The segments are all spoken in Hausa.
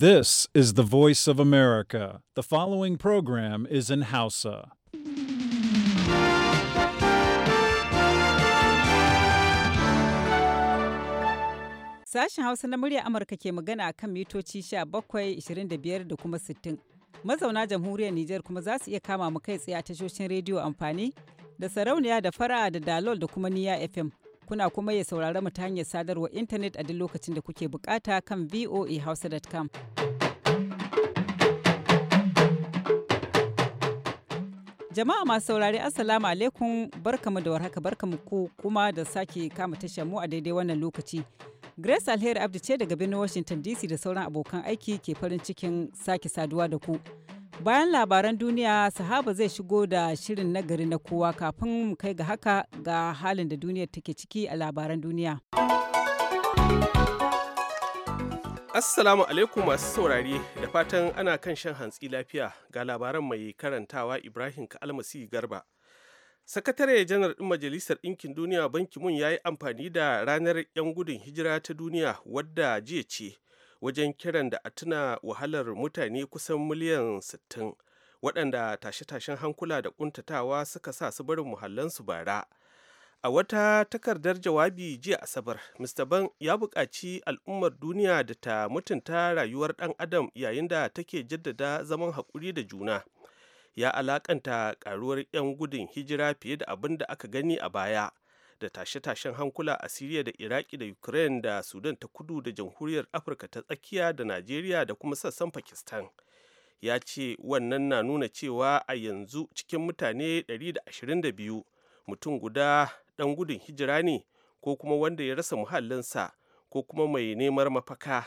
This is the voice of America. The following program is in Hausa. Sashen Hausa na murya Amurka ke magana a kan mitoci 17, 25 da kuma 60. Mazauna jamhuriyar Nijar kuma za su iya kama mu kai tsaye a tashoshin rediyo amfani da sarauniya da fara da dalol da kuma niya FM. Kuna kuma ya saurara mu ta hanyar sadarwar intanet a duk lokacin da kuke bukata kan voahausa.com. Jama'a masu saurari Assalamu alaikum barkamu da warhaka barkamu ku kuma da sake kama tashar mu a daidai wannan lokaci. Grace Alheri Abdi ce daga birnin Washington DC da sauran abokan aiki ke farin cikin sake saduwa da ku. Bayan labaran duniya, sahaba zai shigo da shirin nagari na kowa kafin mu kai ga haka ga halin da duniyar take ciki a labaran duniya. Assalamu alaikum masu saurari da fatan ana kan shan hantsi lafiya ga labaran mai karantawa Ibrahim Kalmasi Garba. Sakatare janar ɗin Majalisar Ɗinkin Duniya Banki Mun ya yi amfani da ranar 'yan gudun hijira ta duniya wadda jiya ce wajen kiran da a tuna wahalar mutane kusan miliyan 60 waɗanda tashe-tashen hankula da ƙuntatawa suka sa su barin muhallansu bara. a wata takardar jawabi jiya asabar mr ban ya buƙaci al'ummar duniya da ta mutunta rayuwar ɗan adam yayin da take jaddada zaman haƙuri da juna ya alaƙanta ƙaruwar 'yan gudun hijira fiye da abin da aka gani a baya da tashe-tashen hankula a siriya da iraki da ukraine da sudan ta kudu da jamhuriyar afirka ta tsakiya da najeriya da kuma sassan pakistan ya ce wannan na nuna cewa a yanzu cikin mutane 122 mutum guda ɗan gudun hijira ne ko kuma wanda ya rasa muhallinsa ko kuma mai neman mafaka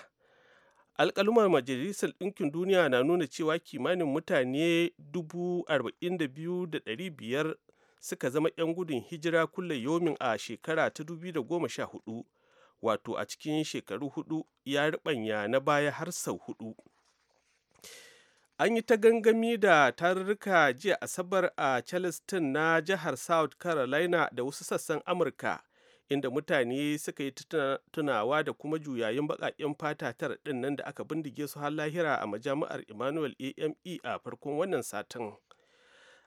alkalumar majalisar ɗinkin duniya na nuna cewa kimanin mutane 42,500 suka zama 'yan gudun hijira kulle yomin a shekara ta 2014 wato a cikin shekaru hudu ya riɓanya na baya har sau hudu. an yi ta gangami da tarurruka jiya asabar a charleston na jihar south carolina da wasu sassan amurka inda mutane suka yi tunawa da kuma juyayin baƙaƙen fata tara ɗin nan da aka bindige su har lahira a majami'ar emmanuel ame a farkon wannan satin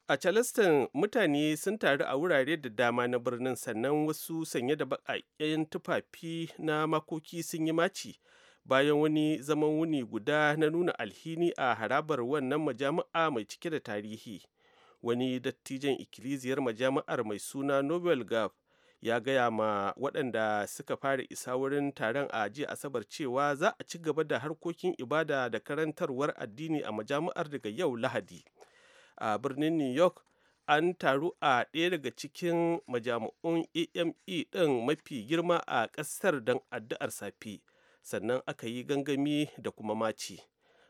a charleston mutane sun taru a wurare da dama na birnin sannan wasu sanye da baƙaƙen tufafi na makoki sun yi maci bayan wani zaman wuni guda na nuna alhini a harabar wannan majami'a mai cike da tarihi wani dattijan ikkilisiyar majami'ar mai suna nobel gap ya gaya ma waɗanda suka fara isa wurin taron a jiya asabar cewa za a ci gaba da harkokin ibada da karantarwar addini a majami'ar daga yau lahadi a birnin new york an taru a ɗaya daga cikin majami'un ame ɗin mafi girma a ƙasar don addu'ar safe sannan aka yi gangami da kuma maci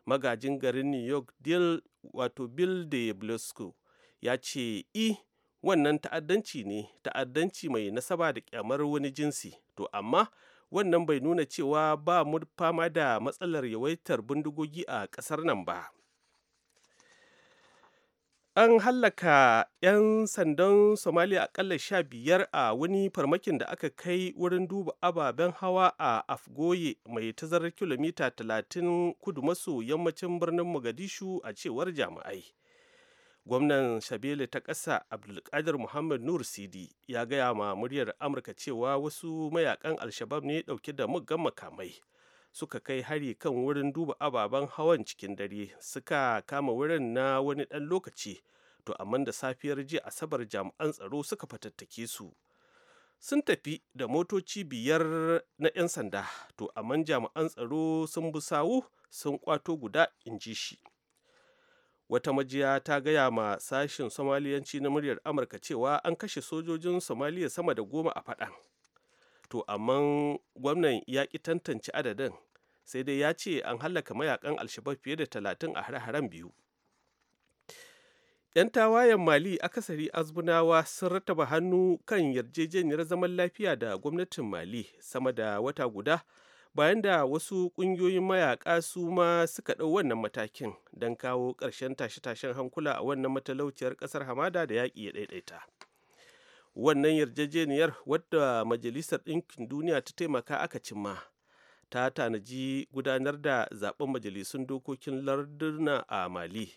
magajin garin new york deal wato bill de blasco ya ce i wannan ta'addanci ne ta'addanci mai nasaba da kyamar wani jinsi to amma wannan bai nuna cewa ba mu fama da matsalar yawaitar bindigogi a ƙasar nan ba an hallaka 'yan sandan somaliya akalla sha biyar a wani farmakin da aka kai wurin duba ababen hawa a afgoye mai tazarar kilomita 30 kudu maso yammacin birnin mogadishu a cewar jami'ai gwamnan shabele ta ƙasa abdulkadir muhammad nur sidi ya gaya ma muryar amurka cewa wasu mayakan alshabab ne ɗauke da muggan makamai suka kai hari kan wurin duba ababen hawan cikin dare suka kama wurin na wani ɗan lokaci to amma da safiyar jiya asabar jami'an tsaro suka fatattake su sun tafi da motoci biyar na 'yan sanda to amma jami'an tsaro sun bi sawu sun kwato guda in ji shi wata majiya ta gaya ma sashin somaliyanci na muryar amurka cewa an kashe sojojin somaliya sama da goma a faɗan to amma gwamnan ya ki tantance adadin sai dai ya ce an hallaka mayakan alshabab fiye da talatin a hare-haren biyu 'yan tawayen mali akasari azbunawa sun rattaba hannu kan yarjejeniyar zaman lafiya da gwamnatin mali sama da wata guda bayan da wasu ƙungiyoyin mayaƙa su ma suka ɗau wannan matakin don kawo ƙarshen tashe-tashen hankula a wannan matalauciyar ƙasar hamada da yaƙi ya ɗaiɗaita. wannan yarjejeniyar wadda majalisar ɗinkin duniya ta taimaka aka cimma ta tanaji gudanar da zaben majalisun dokokin larduna a mali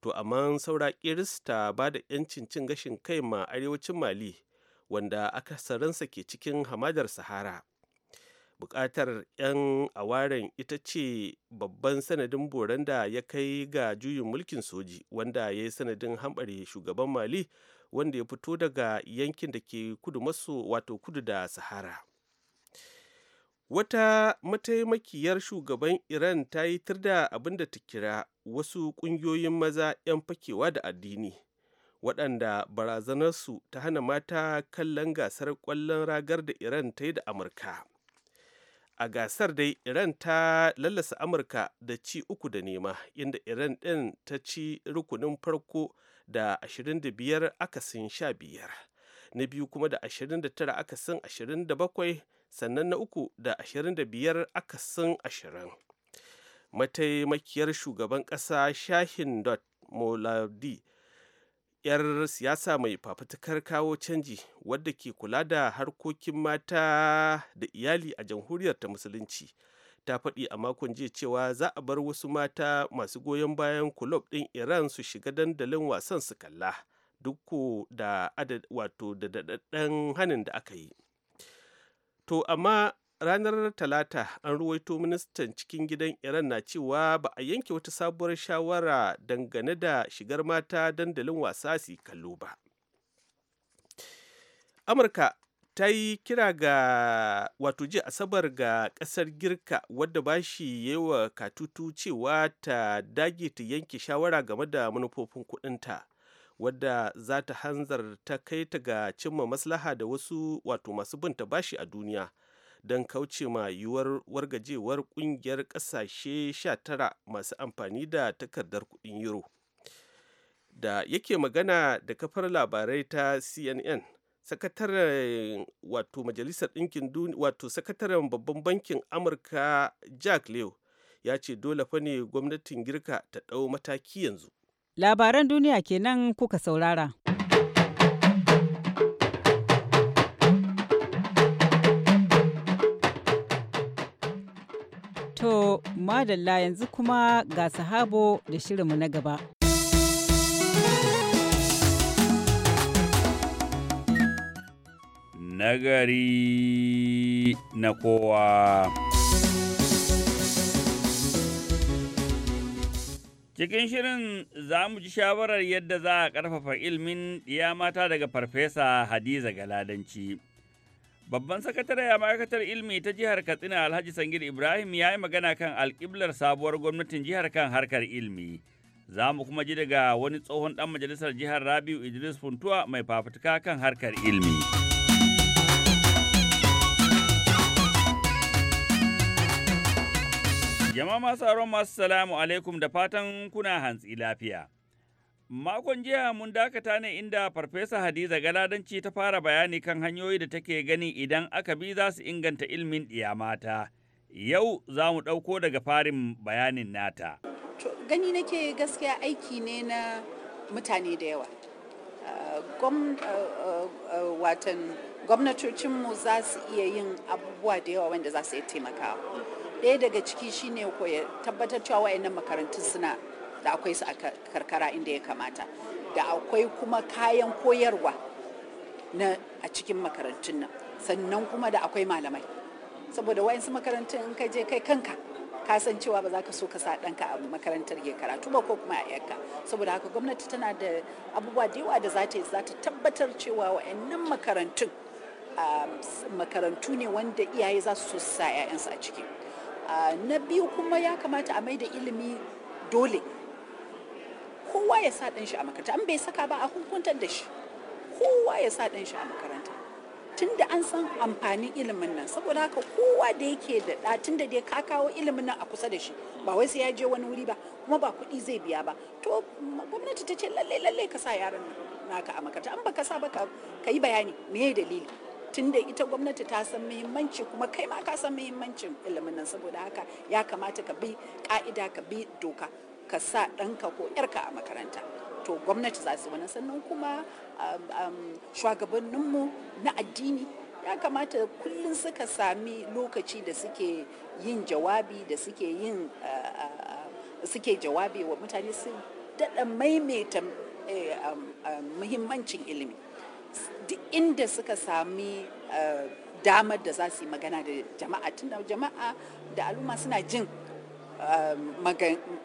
to amma saura iris ta ba da 'yancin cin gashin kai ma arewacin mali wanda aka akasarinsa ke cikin hamadar sahara bukatar 'yan awaren ita ce babban sanadin boran da ya kai ga juyin mulkin soji wanda ya yi sanadin hambare shugaban mali wanda ya fito daga yankin da ke kudu maso wato kudu da sahara wata mataimakiyar shugaban iran ta yi tirda abin da ta kira wasu ƙungiyoyin maza 'yan fakewa da addini waɗanda barazanarsu ta hana mata kallon gasar ƙwallon ragar da iran ta yi da amurka a gasar dai iran ta lallasa amurka da ci uku da nema inda iran ɗin ta ci rukunin farko da 25 akasin 15 na biyu kuma da 29 akasin 27 sannan na uku da 25 akasin 20 mataimakiyar shugaban ƙasa shahin dot molardi yar siyasa mai fafutukar kawo canji wadda ke kula da harkokin mata da iyali a jamhuriyar ta musulunci ta faɗi a makon jiya cewa za a bar wasu mata masu goyon bayan kulob ɗin iran su shiga dandalin wasan su kalla duk da wato da daɗaɗɗen hanin da aka yi to amma ranar talata an ruwaito ministan cikin gidan iran na cewa ba a yanke wata sabuwar shawara dangane da shigar mata dandalin wasa su kallo ba amurka ta yi kira ga wato ji asabar ga kasar girka wadda ba shi yi katutu cewa ta dage ta yanke shawara game da manufofin kudinta wadda za ta hanzar ta kai ta ga cimma maslaha da wasu wato masu binta bashi a duniya don kauce ma yiwuwar wargajewar kungiyar kasashe 19 masu amfani da takardar kudin euro da yake magana da kafar labarai ta cnn sakataren wato majalisar ɗinkin duniya wato sakataren babban bankin amurka jack leo ya ce dole fa ne gwamnatin girka ta ɗau mataki yanzu labaran duniya kenan kuka saurara to madalla yanzu kuma ga sahabo da shirinmu na gaba nagari na kowa. Cikin shirin za mu ji shawarar yadda za a ƙarfafa ilimin ɗiya mata daga Farfesa Hadiza Galadanci. Babban sakatare a ma'aikatar ilimi ta jihar Katsina Alhaji Sangir Ibrahim ya yi magana kan alƙiblar sabuwar gwamnatin jihar kan harkar ilimi. za mu kuma ji daga wani tsohon ɗan majalisar jihar Rabiu Idris Funtuwa mai fafutuka kan harkar ilimi. Jama'a masu aron masu salamu alaikum da fatan kuna hantsi lafiya. Makon jiya mun dakata ne inda Farfesa Hadiza Galadanci ta fara bayani kan hanyoyi da take gani idan aka bi za su inganta ilmin ɗiya mata. Yau za mu ɗauko daga farin bayanin nata. Gani nake gaskiya aiki ne na mutane da yawa. Ah, ah, ah, gwamnatocinmu za su iya yin abubuwa da yawa wanda za su iya taimakawa. ɗaya daga ciki shine ya tabbatar cewa wayannan makarantun suna da akwai su a karkara inda ya kamata da akwai kuma kayan koyarwa na a cikin makarantun nan sannan kuma da akwai malamai saboda wayansu makarantun in ka je kai kanka ka san cewa ba za ka so ka sa ɗanka a makarantar ya karatu ba ko kuma a yanka saboda haka gwamnati tana da abubuwa da yawa da za ta yi za ta tabbatar cewa wayannan makarantun ah, makarantu ne wanda iyaye za su so su sa 'ya'yansu a ciki. na biyu kuma ya kamata a maida ilimi dole kowa ya sa ɗan shi a makaranta an bai saka ba a hukuntar da shi kowa ya sa ɗan shi a makaranta tun da an san amfanin ilimin nan saboda haka kowa da yake da ɗa tun da dai ka kawo ilimin nan a kusa da shi ba wai sai ya je wani wuri ba kuma ba kuɗi zai biya ba to gwamnati ta ce lalle lalle ka sa yaran naka a makaranta an ba ka sa ba ka yi bayani me dalili Tun da ita gwamnati ta san muhimmanci kuma kai ma ka san muhimmancin ilimin nan saboda haka ya kamata ka bi ka'ida ka bi doka ka sa ɗanka ko 'yarka a makaranta to gwamnati za su wani sannan kuma shugabanninmu na addini ya kamata kullum suka sami lokaci da suke yin jawabi da suke yin suke jawabi wa mutane su daɗa maimaita eh, muhimmancin ilimi duk inda suka sami eh, damar da za su yi magana da jama'a tunda jama'a da al'umma suna jin eh,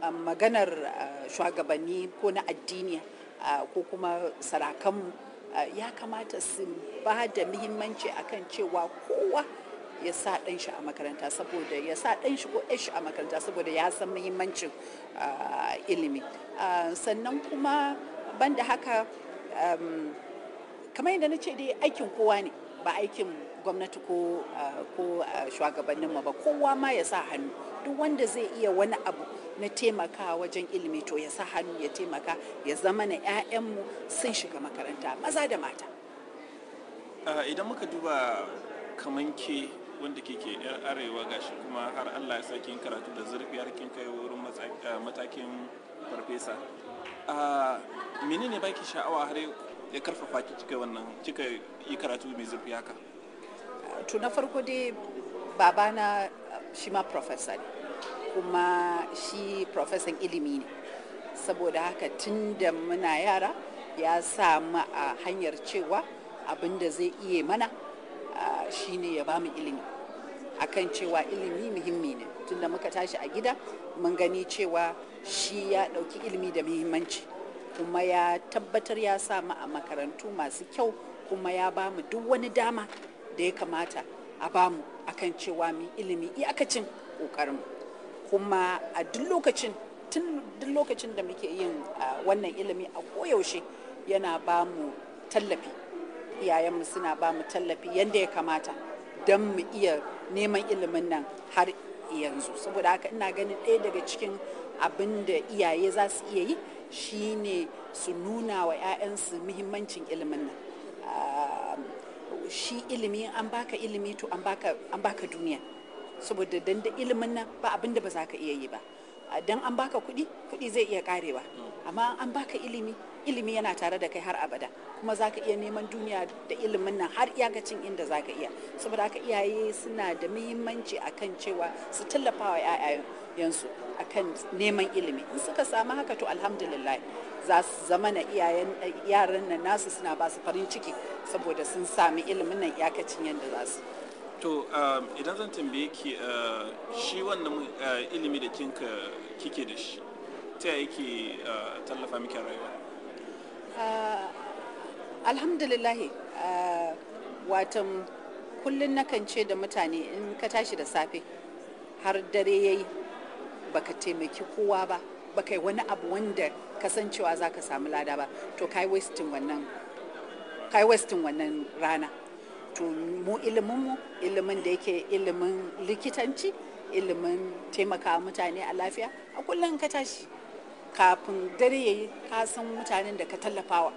maganar eh, shugabanni ko na addini ko kuma sarakan ya kamata su ba da muhimmanci akan cewa kowa ya sa ɗan shi a makaranta saboda ya sa ɗan shi ko shi a makaranta saboda ya san muhimmancin ilimi sannan kuma banda haka kamar yadda na ce dai aikin kowa ne ba aikin gwamnati ko ko shugabanninmu ba kowa ma ya sa hannu duk wanda zai iya wani abu na taimaka wajen ilimi to ya sa hannu ya taimaka ya zama na 'ya'yanmu sun shiga makaranta maza da mata idan muka duba kamar ke wanda kike yar arewa gashi kuma har allah ya sake yin karatu da zurfi har kin kai wurin matakin farfesa menene baki sha'awa har ya karfafa ki cika wannan cika yi karatu mai zurfi haka to na farko dai babana shi ma professor ne kuma shi professor ilimi ne saboda haka tun da muna yara ya samu a hanyar cewa abin da zai iya mana shine ya bamu ilimi akan cewa ilimi muhimmi ne tunda muka tashi a gida mun gani cewa shi ya ɗauki ilimi da muhimmanci kuma ya tabbatar ya samu a makarantu masu kyau kuma ya bamu duk wani dama da ya kamata a bamu akan cewa mu ilimi iyakacin kokarin kuma a duk lokacin tun duk lokacin da muke yin wannan ilimi a koyaushe yana bamu tallafi iyayenmu suna bamu tallafi yadda ya kamata don mu iya neman ilimin nan har yanzu saboda haka ina ganin ɗaya daga cikin abin da iyaye za su iya yi shine su nuna wa 'ya'yansu muhimmancin ilimin nan shi ilimi an baka ilimi to an baka duniya saboda dan ilimin nan ba abinda ba za ka iya yi ba Don an baka kuɗi kuɗi zai iya karewa amma an baka ilimi ilimi yana tare da kai har abada kuma za ka iya neman duniya da ilimin nan har iyakacin inda za ka iya saboda haka iyaye suna da muhimmanci a kan cewa su tallafa wa 'ya'yansu kan neman ilimi in suka samu haka to alhamdulillah za su zama na iyayen yaran nan nasu suna ba su farin ciki saboda sun sami ilimin nan iyakacin yadda za su to um, idan zan tambaye ki uh, shi wannan uh, ilimi da kinka kike da shi ta yake uh, tallafa miki rayuwa alhamdulillahi watan kullum nakan ce da mutane in ka tashi da safe har dare yayi baka taimaki kowa ba baka yi wani abu wanda kasancewa za ka samu lada ba to kai wasting wannan rana to mu ilimin mu ilimin da yake ilimin likitanci ilimin taimaka mutane a lafiya a kullum ka tashi kafin dare ya yi kasan mutanen da ka tallafawa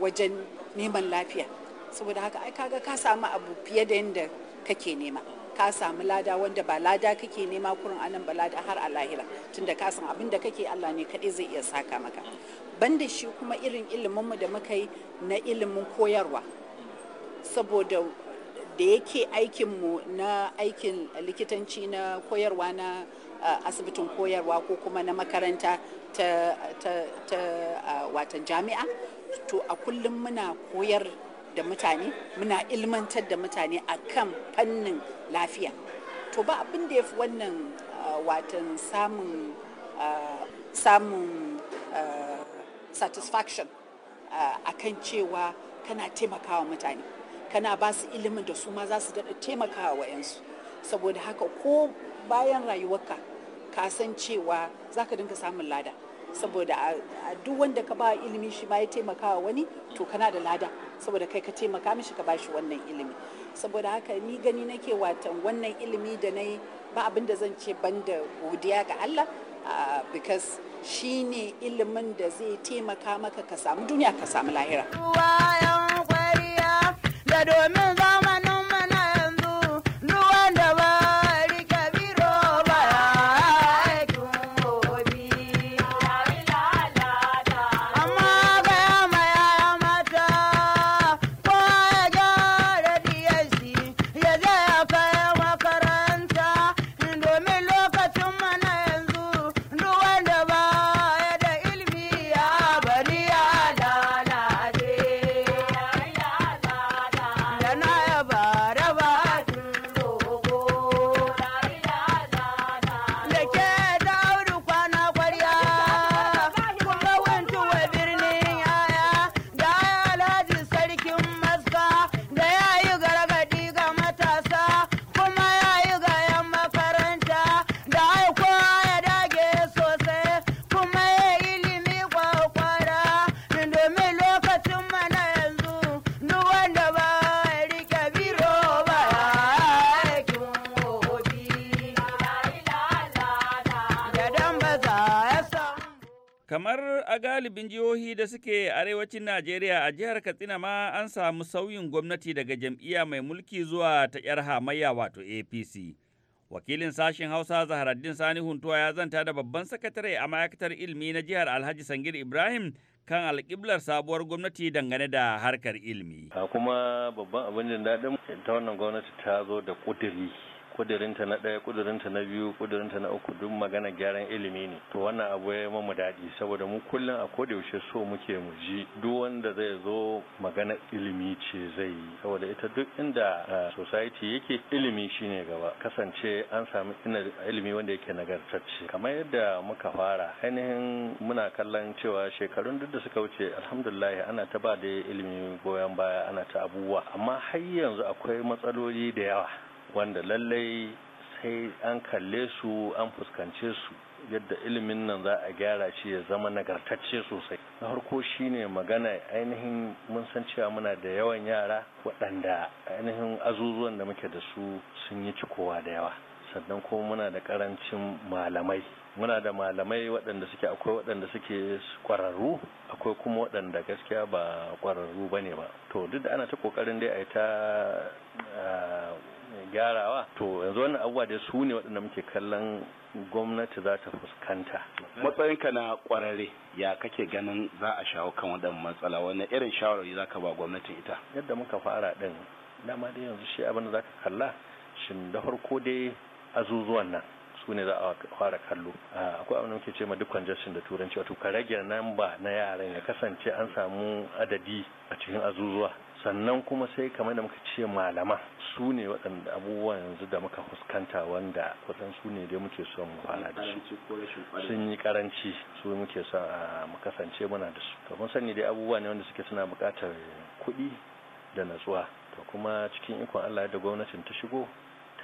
wajen neman lafiya saboda haka ai kaga ka samu abu fiye da yadda kake nema ka samu lada wanda ba lada kake nema kurin anan ba lada har a lahira tunda ka san abin da kake Allah ne kaɗai zai iya saka maka banda shi kuma irin ilimin mu da muka yi na ilimin koyarwa saboda da yake aikinmu na aikin likitanci na koyarwa na uh, asibitin koyarwa ko kuma na makaranta ta, ta, uh, watan jami'a to a kullum muna koyar da mutane muna ilmantar da mutane a kan fannin lafiya to ba abin da ya fi wannan uh, watan samun uh, samun satisfaction a kan cewa kana taimakawa mutane kana ba su ilimin da su ma za su daɗa taimakawa yansu saboda haka ko bayan rayuwarka ka san cewa za ka dinga samun lada saboda a duk wanda ka ba ilimi shi ma ya taimakawa wani to kana da lada saboda kai ka taimaka mishi ka ba shi wannan ilimi saboda haka ni gani nake watan wannan ilimi da na yi ba abin da zan ce ban da godiya ga Allah because shi ne ilimin da zai taimaka maka ka samu duniya ka samu lahira. do it, man. galibin jihohi da suke arewacin Najeriya a jihar Katsina ma an samu sauyin gwamnati daga jam'iyya mai mulki zuwa ta 'yar hamayya wato APC. Wakilin sashen Hausa Zaharaddin Sani Huntuwa ya zanta da babban sakatare a ma'aikatar ilimi na jihar Alhaji Sangir Ibrahim kan alƙiblar sabuwar gwamnati dangane da harkar ilimi. Kuma babban abin da ta wannan gwamnati ta zo da ƙudiri kudurinta na ɗaya kudurinta na biyu kudurinta na uku duk magana gyaran ilimi ne to wannan abu ya mamu daɗi saboda mu kullum a koda yaushe so muke mu ji duk wanda zai zo magana ilimi ce zai yi saboda ita duk inda society yake ilimi shine gaba kasance an samu ilimi wanda yake nagartacce kamar yadda muka fara ainihin muna kallon cewa shekarun duk da suka wuce alhamdulillah ana ta ba da ilimi goyon baya ana ta abubuwa amma har yanzu akwai matsaloli da yawa wanda lallai sai an kalle su an fuskance su yadda ilimin nan za a gyara shi ya zama nagartacce sosai na harko shine magana ainihin mun san cewa muna da yawan yara waɗanda ainihin azuzuwan da muke da su sun yi cikowa da yawa sannan kuma muna da karancin malamai muna da malamai waɗanda suke akwai waɗanda suke kwararru akwai kuma waɗanda gaskiya ba kwararru ba ne ba to duk da ana ta ƙoƙarin dai a yi ta ah, gyarawa to yanzu wannan abubuwa da su ne waɗanda muke kallon gwamnati za ta fuskanta matsayinka na kwararre ya kake ganin za a shawo kan waɗannan matsala wani irin shawarwari za ka ba gwamnatin ita yadda muka fara ɗin dama dai yanzu shi abin da za ka kalla shin da farko dai azuzuwan nan su ne za a fara kallo akwai abin da muke ce ma duk congestion da turanci wato ka rage namba na yaran ya kasance an samu adadi a cikin azuzuwa sannan kuma sai kamar da muka ce malama su ne waɗanda abubuwa yanzu da muka fuskanta wanda waɗansu ne dai muke son mu fara da su sun yi karanci su muke son a mu muna da su kamar sani dai abubuwa ne wanda suke suna buƙatar kuɗi da natsuwa to kuma cikin ikon Allah da gwamnatin ta shigo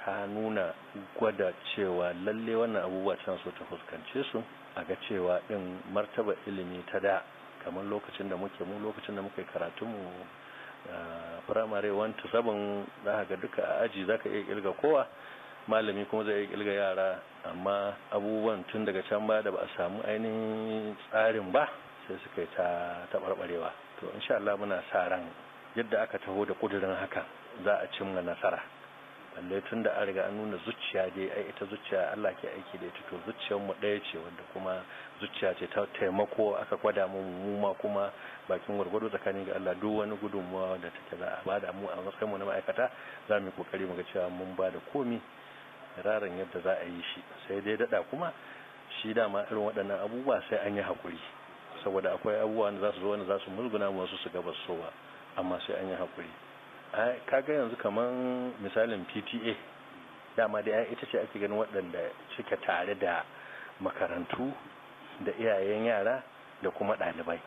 ta nuna gwada cewa lalle wannan abubuwa tana so ta fuskance su a ga cewa din martaba ilimi ta da kamar lokacin da muke mu lokacin da muka yi karatunmu firamare 1 to 7 za ga duka a aji za ka iya ƙirga kowa malami kuma zai iya kirga yara amma abubuwan tun daga can ba da ba a samu ainihin tsarin ba sai suka yi ta taɓarɓarewa to insha Allah muna sa ran yadda aka taho da ƙudurin haka za a cimma nasara allai tun da an riga an nuna zuciya dai ai ita zuciya Allah ke aiki da ita to zuciyar mu ɗaya ce wanda kuma zuciya ce ta taimako aka gwada mu mu ma kuma bakin gwargwado tsakanin ga Allah duk wani gudunmawa da take za a bada mu a matsayin mu na ma'aikata za mu yi kokari mu ga cewa mun bada komi raran yadda za a yi shi sai dai dada kuma shi dama irin waɗannan abubuwa sai an yi hakuri saboda akwai abubuwa da za su zo wanda za su musguna mu wasu su gabas sowa amma sai an yi hakuri ka ga yanzu kaman misalin pta dama da ita ce ake ganin waɗanda suke tare da makarantu da iyayen yara da kuma ɗalibai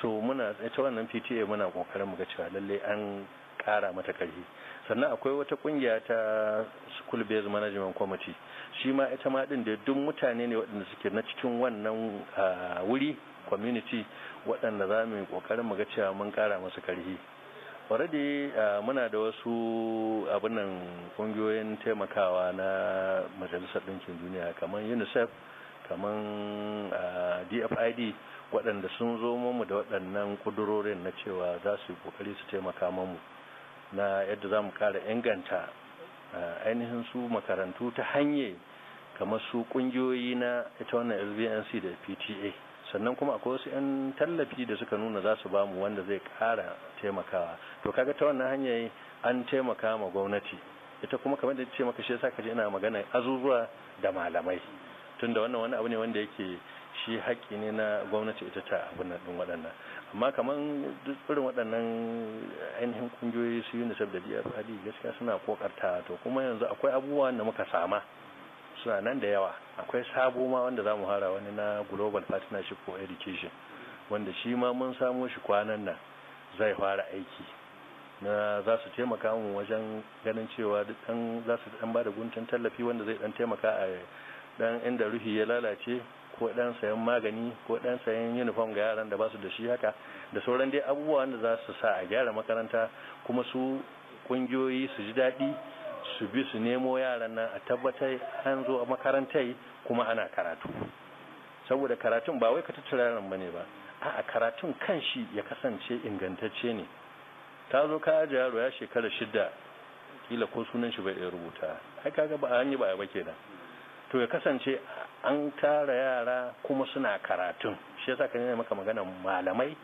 so muna ita wannan pta muna ƙoƙarin muga cewa lallai an ƙara mata ƙarfi sannan akwai wata ƙungiya ta school based management committee shi ma ita ma ɗin da duk mutane ne waɗanda suke na cikin wannan wuri community waɗanda za mu yi ƙoƙarin muga cewa mun ƙara masu ƙarfi already uh, muna da wasu abinan kungiyoyin taimakawa na majalisar ɗinkin duniya kamar unicef kamar dfid uh, waɗanda sun zo mu da waɗannan ƙudurorin na cewa za su yi ƙoƙari su taimaka mamu na yadda za mu ƙara inganta uh, ainihin su makarantu ta hanye kamar su ƙungiyoyi na ita wannan lbnc da pta sannan kuma akwai wasu 'yan tallafi da suka nuna za su bamu wanda zai kara taimakawa to kaga ta wannan hanyar an taimaka ma gwamnati ita kuma kamar da ce maka shi yasa kaje ina magana azuzuwa da malamai tunda wannan wani abu ne wanda yake shi haƙƙi ne na gwamnati ita ta abin din waɗannan amma kamar duk irin waɗannan ainihin kungiyoyi su UNICEF da DFID gaskiya suna kokarta to kuma yanzu akwai abubuwa da muka sama suna nan da yawa akwai sabo ma wanda za mu hara wani na global partnership for education wanda shi ma mun samo shi kwanan nan zai fara aiki na za su taimaka mu wajen ganin cewa dan za su dan da guntun tallafi wanda zai dan taimaka a dan inda ruhi ya lalace ko dan sayan magani ko dan sayan uniform ga yaran da ba su da shi haka da sauran dai abubuwa wanda za su sa a gyara makaranta kuma su kungiyoyi su ji daɗi su bi su nemo yaran nan a tabbatar an zo a makarantai kuma ana karatu saboda karatun ba wai ka tattara yaran ne ba a'a karatun kan shi ya kasance ingantacce ne ta zo ka aje yaro ya shekara shida kila ko sunan shi bai iya rubuta ai kaga ba yi ba ba kenan to ya kasance an tara yara kuma suna karatun shi yasa ka maka magana malamai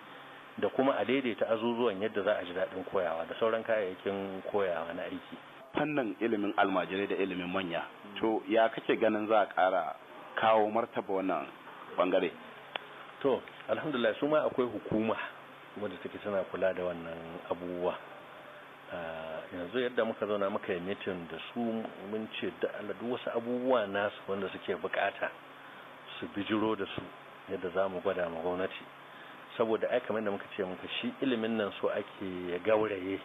da kuma a daidaita azuzuwan yadda za a ji daɗin koyawa da sauran kayayyakin koyawa na aiki fannin ilimin almajirai da ilimin manya mm. to ya kake ganin za a ƙara kawo martaba wannan bangare to alhamdulillah su ma akwai hukuma wadda take tana kula da wannan abubuwa ah, yanzu yadda muka zauna muka yi mitin da su mun ce da aladu wasu abubuwa nasu wanda suke bukata su bijiro da su yadda za mu gwada ma gwamnati saboda aikamin da muka ce muka shi ilimin nan so ake ya gauraye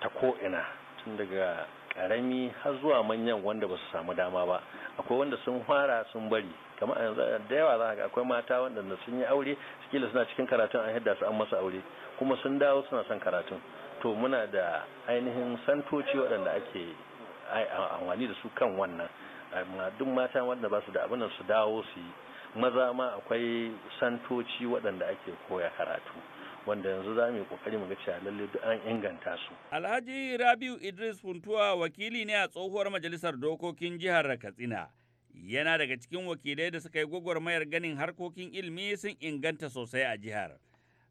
ta ko'ina tun daga karami har zuwa manyan wanda ba su samu dama ba akwai wanda sun fara sun bari kamar a da yawa za ga akwai mata wanda sun yi aure sikila suna cikin karatun a yadda su an masa aure kuma sun dawo suna son karatun to muna da ainihin santoci waɗanda ake amfani da su kan wannan duk mata wanda ba su da abin su dawo su yi maza ma akwai santoci waɗanda ake koya karatu wanda yanzu za mu yi kokari mu ga cewa lalle duk an inganta su. Alhaji Rabiu Idris Funtuwa wakili ne a tsohuwar majalisar dokokin jihar Katsina. Yana daga cikin wakilai da suka yi gwagwarmayar ganin harkokin ilimi sun inganta sosai a jihar.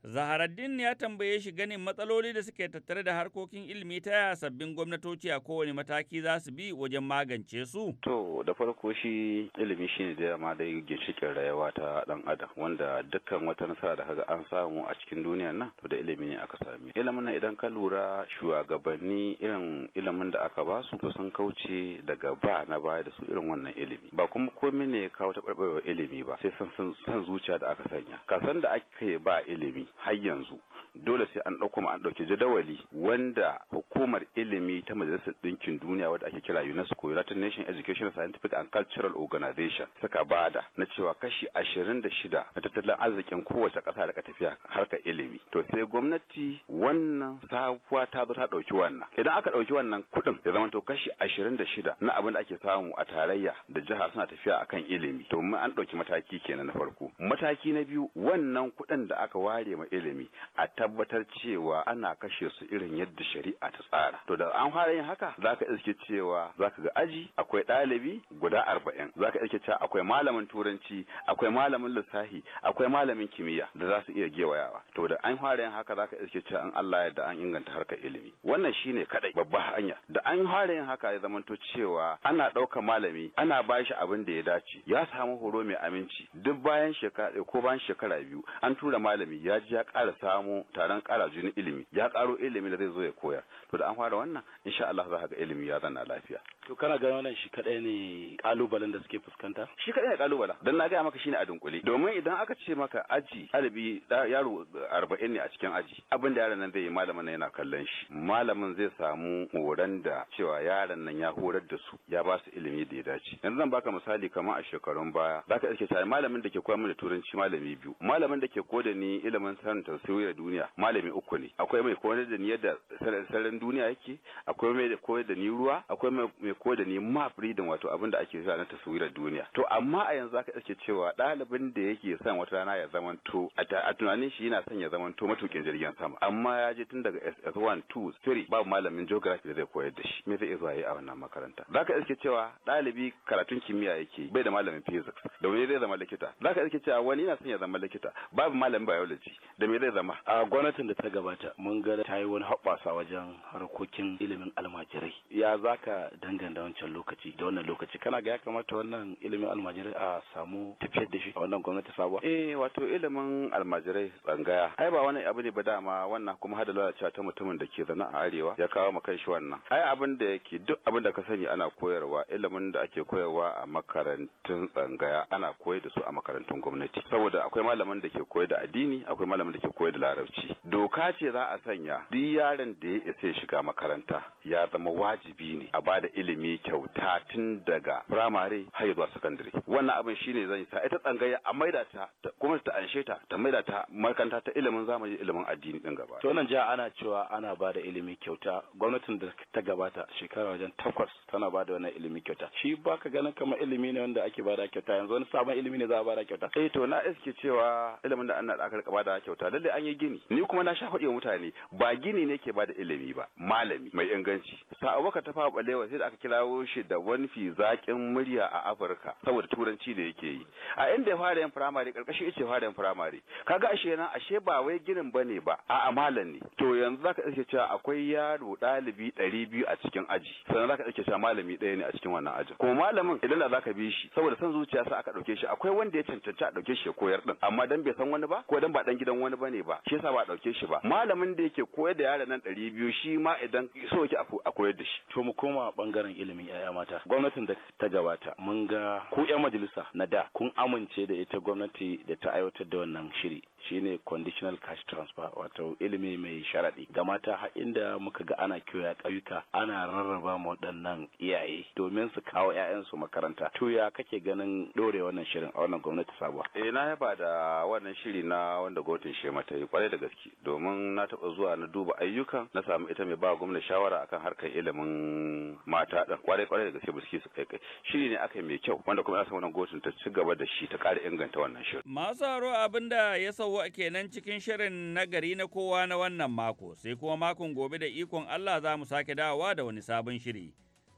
Zaharaddin ya tambaye shi ganin matsaloli da suke tattare da harkokin ilimi ta yaya sabbin gwamnatoci a kowane mataki za su bi wajen magance su. To da farko shi ilimi shi ne da ma dai ginshikin rayuwa ta dan adam wanda dukkan wata nasara da kaga an samu a cikin duniya nan to da ilimi ne aka sami. Ilimin nan idan ka lura shugabanni irin ilimin da aka ba su to sun kauce daga ba na baya da su irin wannan ilimi. Ba kuma komai ne ya kawo taɓarɓarewar ilimi ba sai san zuciya da aka sanya. Kasan da ake ba ilimi 还严肃。dole sai an ɗauko an ɗauki jadawali wanda hukumar ilimi ta majalisar ɗinkin duniya wadda ake kira UNESCO United Nations Education, Scientific and Cultural Organization suka bada na cewa kashi ashirin da shida na tattalin arzikin kowace ƙasa da tafiya harkar ilimi to sai gwamnati wannan sabuwa ta zo ta ɗauki wannan idan aka ɗauki wannan kuɗin ya zama to kashi ashirin da shida na abin da ake samu a tarayya da jiha suna tafiya akan ilimi to mun an ɗauki mataki kenan na farko mataki na biyu wannan kuɗin da aka ware ma ilimi a tabbatar cewa ana kashe su irin yadda shari'a ta tsara to da an fara yin haka zaka iske cewa zaka ga aji akwai ɗalibi guda arba'in zaka iske cewa akwai malamin turanci akwai malamin lissafi akwai malamin kimiyya da za su iya gewayawa to da an fara yin haka zaka iske cewa an Allah ya da an inganta harkar ilimi wannan shine kaɗai babbar hanya da an fara yin haka ya zamanto cewa ana ɗaukar malami ana ba shi abin da ya dace ya samu horo mai aminci duk bayan shekara ko bayan shekara biyu an tura malami ya ji ya ƙara samu taron ƙara jini ilimi ya ƙaro ilimi da zai zo ya koya to da an fara wannan insha Allah za ka ga ilimi ya zanna lafiya To kana ganin wannan shi kadai ne kalubalen da suke fuskanta? Shi kadai ne kalubala. Dan na gaya maka shine a dunkule. Domin idan aka ce maka aji alibi yaro arba'in ne a cikin aji. Abin da yaron nan zai yi malamin nan yana kallon shi. Malamin zai samu horan da cewa yaron nan ya horar da su ya ba su ilimi da ya dace. Yanzu zan baka misali kamar a shekarun baya. Zaka iske cewa malamin da ke koyar mana turanci malami biyu. Malamin da ke koda ni ilimin sanin tasiri da duniya malami uku ne. Akwai mai koyar da ni yadda sararin duniya yake, akwai mai koyar da ni ruwa, akwai mai ko da ni ma freedom wato abin da ake cewa na taswirar duniya to amma a yanzu aka ake cewa ɗalibin da yake son wata rana ya zamanto a tunanin shi yana son ya zamanto matukin jirgin sama amma ya je tun daga SS1 2 3 babu malamin geography da zai koyar da shi me zai zuwa yi a wannan makaranta zaka iske cewa ɗalibi karatun kimiyya yake bai da malamin physics da wani zai zama likita zaka iske cewa wani yana son ya zama likita babu malamin biology da me zai zama a gwamnatin da ta gabata mun ga ta yi wani hoɓɓasa wajen harkokin ilimin almajirai ya zaka dangane London da wancan lokaci da wannan lokaci kana ga ya kamata wannan ilimin almajirai a samu tafiyar da shi a wannan gwamnati sabuwa eh wato ilimin almajirai tsangaya ai ba wani abu ne ba dama wannan kuma hada lalacewa ta mutumin da ke zana a arewa ya kawo maka shi wannan ai abin da yake duk abin da ka sani ana koyarwa ilimin da ake koyarwa a makarantun tsangaya ana koyar da su a makarantun gwamnati saboda akwai malaman da ke koyar da addini akwai malaman da ke koyar da larabci doka ce za a sanya duk yaron da ya isa shiga makaranta ya zama wajibi ne a bada ilimi ilimi kyauta tun daga firamare har zuwa sakandare wannan abin shine zan yi sa ita tsangaya a maida ta kuma ta anshe ta ta maida ta markanta ta ilimin zamani ilimin addini din gaba to nan jiha ana cewa ana ba da ilimi kyauta gwamnatin da ta gabata shekara wajen takwas tana ba da wannan ilimi kyauta shi ba ka ganin kamar ilimi ne wanda ake ba da kyauta yanzu wani sabon ilimi ne za a ba da kyauta eh to na iske cewa ilimin da ana da aka ba da kyauta lalle an yi gini ni kuma na sha faɗi mutane ba gini ne ke ba da ilimi ba malami mai inganci sa abubakar ta fa balewa sai da aka kirawo shi da wani fi zaƙin murya a Afirka saboda turanci da yake yi a inda ya fara yin firamare karkashin ice fara yin firamare kaga ashe nan ashe ba wai ginin bane ba a malam ne to yanzu zaka iya cewa akwai yaro ɗalibi ɗari biyu a cikin aji sannan zaka iya cewa malami ɗaya ne a cikin wannan ajin kuma malamin idan da zaka bi shi saboda son zuciya sa aka ɗauke shi akwai wanda ya cancanci a ɗauke shi ya koyar ɗin. amma dan bai san wani ba ko dan ba ɗan gidan wani bane ba shi yasa ba a ɗauke shi ba malamin da yake koyar da yaran nan ɗari biyu shi ma idan so yake a koyar da shi to mu koma ɓangaren ilimin 'ya'ya mata gwamnatin da ta gabata mun ga ku 'yan majalisa na da kun amince da ita gwamnati da ta aiwatar da wannan shiri shine conditional cash transfer wato ilimi mai sharaɗi ga mata har inda muka ga ana kiwaya ƙauyuka ana rarraba ma waɗannan iyaye domin su kawo 'ya'yansu makaranta to ya kake ganin ɗore wannan shirin a wannan gwamnati sabuwa eh na yaba da wannan shiri na wanda gwamnatin shema ta yi kwarai da gaske domin na taɓa zuwa na duba ayyukan na samu ita mai ba gwamnati shawara akan harkar ilimin mata da kwarai kwarai da gaske biski su kai kai shiri ne aka yi mai kyau wanda kuma ya san wannan gwamnatin ta ci gaba da shi ta ƙara inganta wannan shirin masu abin da ya sau dawo kenan cikin shirin nagari na kowa na wannan mako, sai kuma makon gobe da ikon Allah za mu sake dawowa da wani sabon shiri.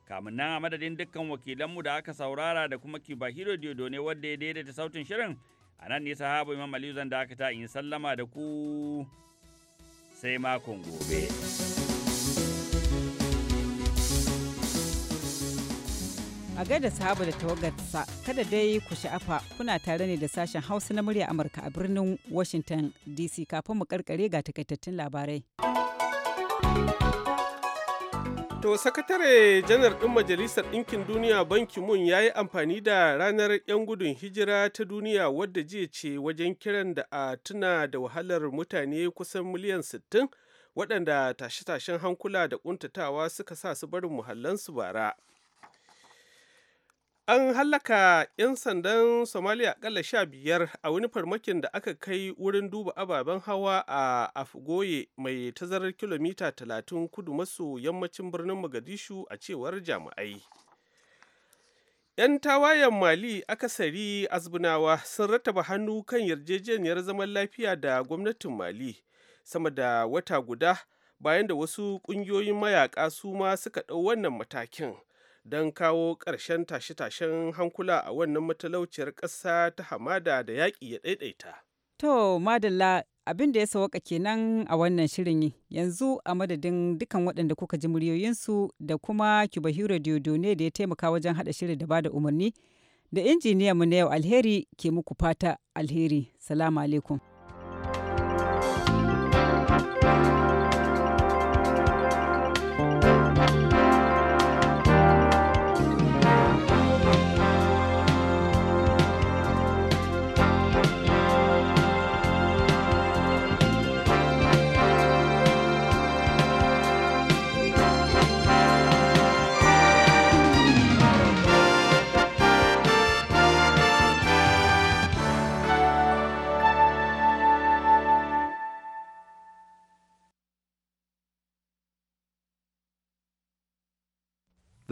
Kamun nan a madadin dukkan wakilanmu da aka saurara da kuma Kibahiro Diodo ne wadda ya daidaita sautin shirin, a nan ne sahaba Imam Aliyu zan dakata in sallama da ku sai makon gobe. a gaida sahaba da tawagarsa kada dai ku sha'afa kuna tare ne da sashen hausa na murya amurka a birnin washington dc kafin mu karkare ga takaitattun labarai to sakatare janar ɗin majalisar ɗinkin duniya banki mun ya yi amfani da ranar 'yan gudun hijira ta duniya wadda jiya ce wajen kiran da a tuna da wahalar mutane kusan miliyan 60 waɗanda tashe-tashen hankula da ƙuntatawa suka sa su barin muhallansu bara. An hallaka 'yan sandan Somalia akalla sha biyar a wani farmakin da aka kai wurin duba ababen hawa a Afgoye mai tazarar kilomita 30 kudu maso yammacin birnin Magadishu a cewar jami'ai. 'Yan tawayen Mali akasari azbunawa sun rattaba hannu kan yarjejeniyar zaman lafiya da gwamnatin Mali sama da wata guda bayan da wasu ƙungiyoyin mayaƙa su ma suka ɗau wannan matakin. don kawo karshen tashe-tashen hankula a wannan matalauciyar ƙasa ta hamada da yaƙi ya ɗaiɗaita. To, madalla abin da ya sawaka kenan a wannan shirin yanzu a madadin dukan waɗanda kuka ji muryoyinsu da kuma Kibahiro Diodone da ya taimaka wajen haɗa shirin da bada umarni da mu na yau alheri ke muku fata alheri. Salamu alaikum.